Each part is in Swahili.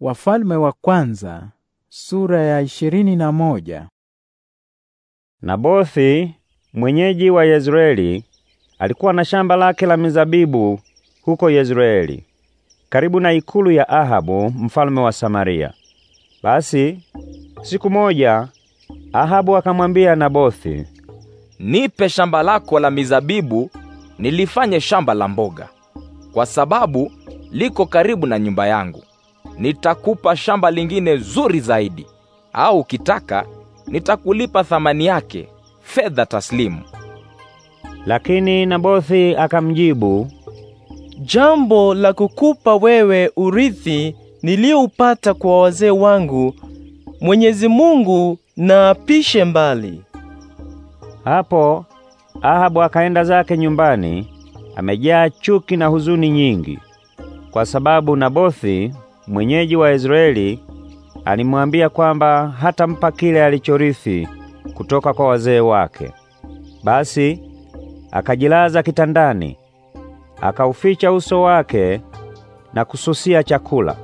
Wafalme wa kwanza sura ya ishirini na moja. Nabothi mwenyeji wa Yezreeli alikuwa na shamba lake la mizabibu huko Yezreeli karibu na ikulu ya Ahabu mfalme wa Samaria. Basi siku moja Ahabu akamwambia Nabothi, nipe shamba lako la mizabibu nilifanye shamba la mboga, kwa sababu liko karibu na nyumba yangu nitakupa shamba lingine zuri zaidi, au ukitaka nitakulipa thamani yake fedha taslimu. Lakini Nabothi akamjibu, jambo la kukupa wewe urithi niliyoupata kwa wazee wangu, Mwenyezi Mungu na apishe mbali. Hapo Ahabu akaenda zake nyumbani amejaa chuki na huzuni nyingi, kwa sababu Nabothi mwenyeji wa Israeli, alimwambia kwamba hatampa kile alichorithi kutoka kwa wazee wake. Basi akajilaza kitandani, akauficha uso wake na kususia chakula.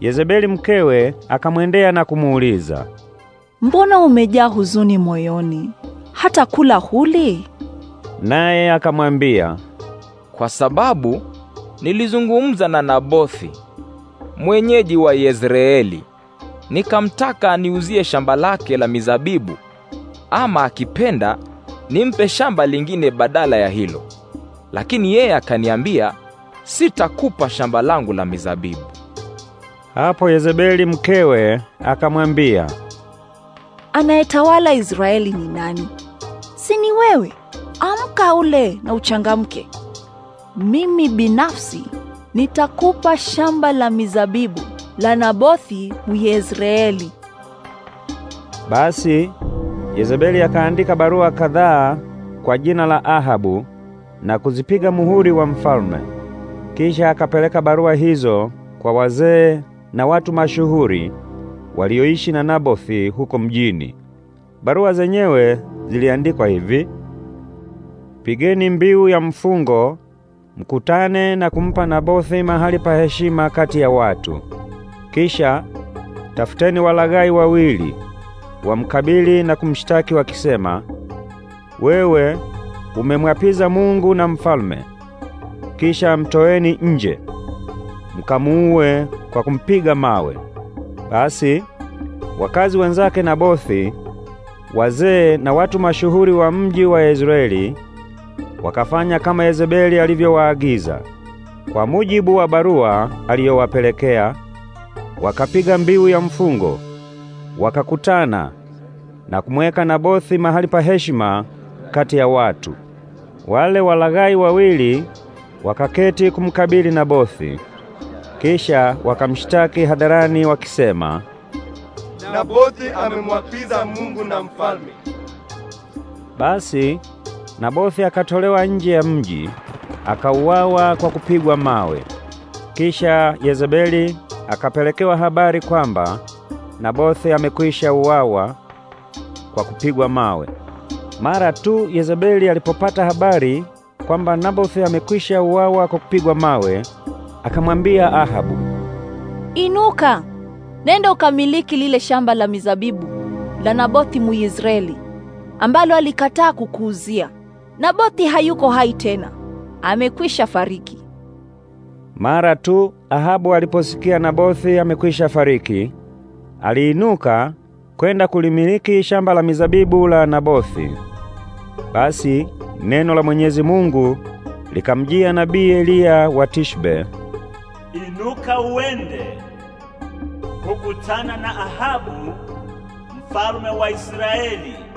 Yezebeli mkewe akamwendea na kumuuliza, mbona umejaa huzuni moyoni, hata kula huli? Naye akamwambia, kwa sababu nilizungumza na Nabothi mwenyeji wa Yezreeli. Nikamtaka niuzie shamba lake la mizabibu, ama akipenda nimpe shamba lingine badala ya hilo. Lakini yeye akaniambia, sitakupa shamba langu la mizabibu. Hapo Yezebeli mkewe akamwambia, anayetawala Israeli ni nani? Si ni wewe? Amka ule na uchangamke. Mimi binafsi nitakupa shamba la mizabibu la Nabothi Myezreeli. Basi Yezebeli akaandika barua kadhaa kwa jina la Ahabu na kuzipiga muhuri wa mfalme. Kisha akapeleka barua hizo kwa wazee na watu mashuhuri walioishi na Nabothi huko mjini. Barua zenyewe ziliandikwa hivi: Pigeni mbiu ya mfungo mkutane na kumpa Nabothi mahali pa heshima kati ya watu. Kisha tafuteni walagai wawili wamkabili na kumshtaki wakisema, wewe umemwapiza Mungu na mfalme. Kisha mtoeni nje mkamuue kwa kumpiga mawe. Basi wakazi wenzake Nabothi, wazee na watu mashuhuri wa mji wa Israeli Wakafanya kama Yezebeli alivyowaagiza kwa mujibu wa barua aliyowapelekea, wakapiga mbiu ya mfungo, wakakutana na kumweka Nabothi mahali pa heshima kati ya watu. Wale walaghai wawili wakaketi kumkabili Nabothi, kisha wakamshtaki hadharani wakisema, Nabothi amemwapiza Mungu na mfalme. Basi Nabothi akatolewa nje ya mji akauawa kwa kupigwa mawe. Kisha Yezebeli akapelekewa habari kwamba Nabothi amekwisha uawa kwa kupigwa mawe. Mara tu Yezebeli alipopata habari kwamba Nabothi amekwisha uawa kwa kupigwa mawe, akamwambia Ahabu, "Inuka, nenda ukamiliki lile shamba la mizabibu la Nabothi Muisraeli ambalo alikataa kukuuzia." Nabothi hayuko hai tena, amekwisha fariki. Mara tu Ahabu aliposikia Nabothi amekwisha fariki, aliinuka kwenda kulimiliki shamba la mizabibu la Nabothi. Basi neno la Mwenyezi Mungu likamjia nabii Eliya wa Tishbe, inuka uende kukutana na Ahabu mfalme wa Israeli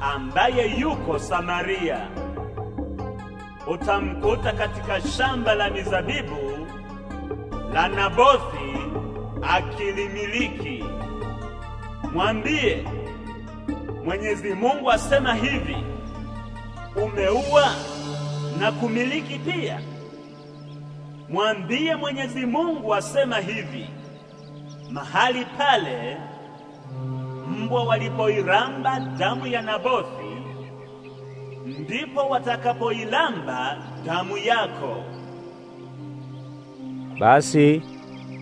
ambaye yuko Samaria. Utamkuta katika shamba la mizabibu la Nabothi akilimiliki. Mwambie, Mwenyezi Mungu asema hivi, umeua na kumiliki pia. Mwambie Mwenyezi Mungu asema hivi, mahali pale mbwa walipoiramba damu ya Nabothi, ndipo watakapoilamba damu yako. Basi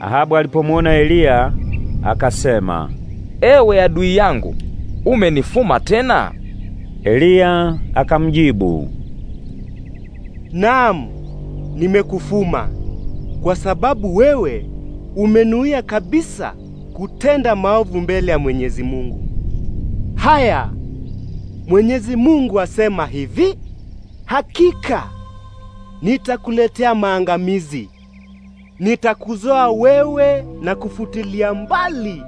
Ahabu alipomwona Eliya akasema, ewe adui yangu, umenifuma tena? Eliya akamjibu, naam, nimekufuma kwa sababu wewe umenuia kabisa kutenda maovu mbele ya Mwenyezi Mungu. Haya, Mwenyezi Mungu asema hivi, hakika nitakuletea maangamizi, nitakuzoa wewe na kufutilia mbali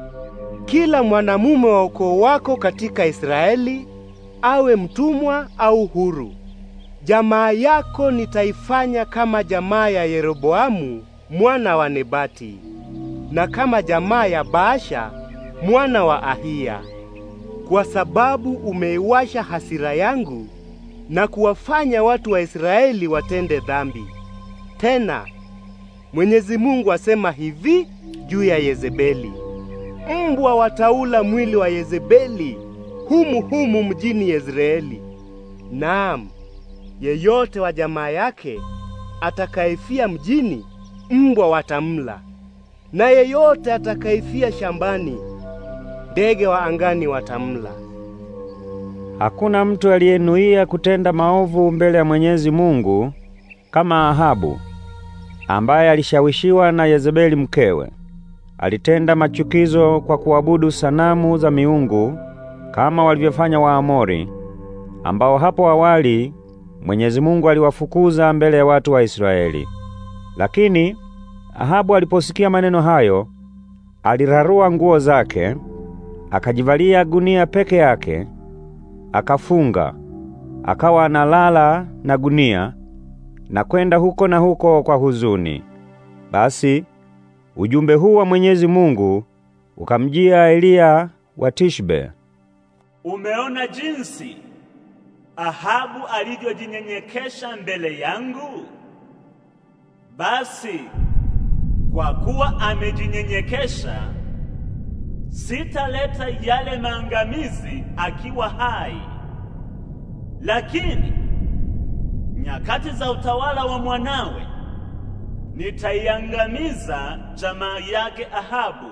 kila mwanamume wa ukoo wako katika Israeli, awe mtumwa au huru. Jamaa yako nitaifanya kama jamaa ya Yeroboamu mwana wa Nebati na kama jamaa ya Baasha mwana wa Ahia, kwa sababu umeiwasha hasira yangu na kuwafanya watu wa Israeli watende dhambi. Tena Mwenyezi Mungu asema hivi juu ya Yezebeli: mbwa wataula mwili wa Yezebeli humu humu mjini Yezreeli. Naam, yeyote wa jamaa yake atakayefia mjini, mbwa watamla na yeyote atakayefia shambani ndege wa angani watamla. Hakuna mtu aliyenuia kutenda maovu mbele ya Mwenyezi Mungu kama Ahabu ambaye alishawishiwa na Yezebeli mkewe. Alitenda machukizo kwa kuabudu sanamu za miungu kama walivyofanya Waamori ambao hapo awali Mwenyezi Mungu aliwafukuza mbele ya watu wa Israeli. Lakini Ahabu aliposikia maneno hayo, alirarua nguo zake, akajivalia gunia peke yake, akafunga, akawa analala na gunia na kwenda huko na huko kwa huzuni. Basi ujumbe huu wa Mwenyezi Mungu ukamjia Eliya wa Tishbe. Umeona jinsi Ahabu alivyojinyenyekesha mbele yangu? Basi kwa kuwa amejinyenyekesha, sitaleta yale maangamizi akiwa hai. Lakini nyakati za utawala wa mwanawe nitaiangamiza jamaa yake Ahabu